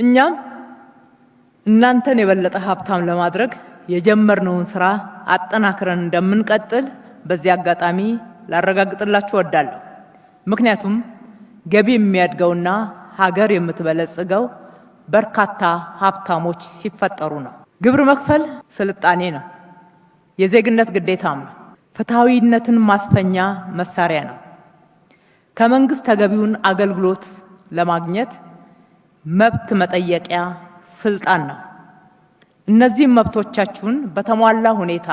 እኛም እናንተን የበለጠ ሀብታም ለማድረግ የጀመርነውን ስራ አጠናክረን እንደምንቀጥል በዚህ አጋጣሚ ላረጋግጥላችሁ ወዳለሁ። ምክንያቱም ገቢ የሚያድገውና ሀገር የምትበለጽገው በርካታ ሀብታሞች ሲፈጠሩ ነው። ግብር መክፈል ስልጣኔ ነው፣ የዜግነት ግዴታም ነው፣ ፍትሐዊነትን ማስፈኛ መሳሪያ ነው። ከመንግስት ተገቢውን አገልግሎት ለማግኘት መብት መጠየቂያ ስልጣን ነው። እነዚህም መብቶቻችሁን በተሟላ ሁኔታ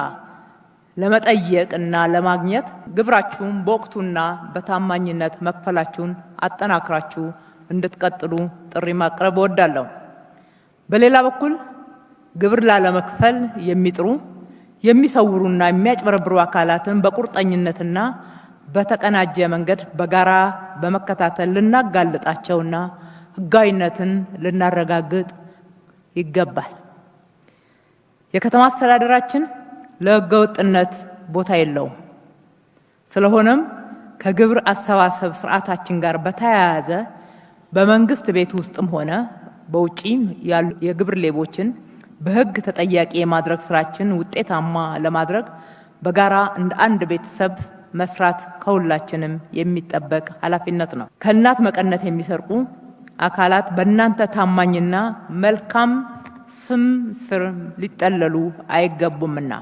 ለመጠየቅ እና ለማግኘት ግብራችሁን በወቅቱና በታማኝነት መክፈላችሁን አጠናክራችሁ እንድትቀጥሉ ጥሪ ማቅረብ እወዳለሁ። በሌላ በኩል ግብር ላለመክፈል የሚጥሩ የሚሰውሩና የሚያጭበረብሩ አካላትን በቁርጠኝነትና በተቀናጀ መንገድ በጋራ በመከታተል ልናጋልጣቸውና ህጋዊነትን ልናረጋግጥ ይገባል። የከተማ አስተዳደራችን ለሕገ ወጥነት ቦታ የለውም። ስለሆነም ከግብር አሰባሰብ ስርዓታችን ጋር በተያያዘ በመንግስት ቤት ውስጥም ሆነ በውጪ ያሉ የግብር ሌቦችን በህግ ተጠያቂ የማድረግ ስራችን ውጤታማ ለማድረግ በጋራ እንደ አንድ ቤተሰብ መስራት ከሁላችንም የሚጠበቅ ኃላፊነት ነው። ከእናት መቀነት የሚሰርቁ አካላት በእናንተ ታማኝና መልካም ስም ስር ሊጠለሉ አይገቡምና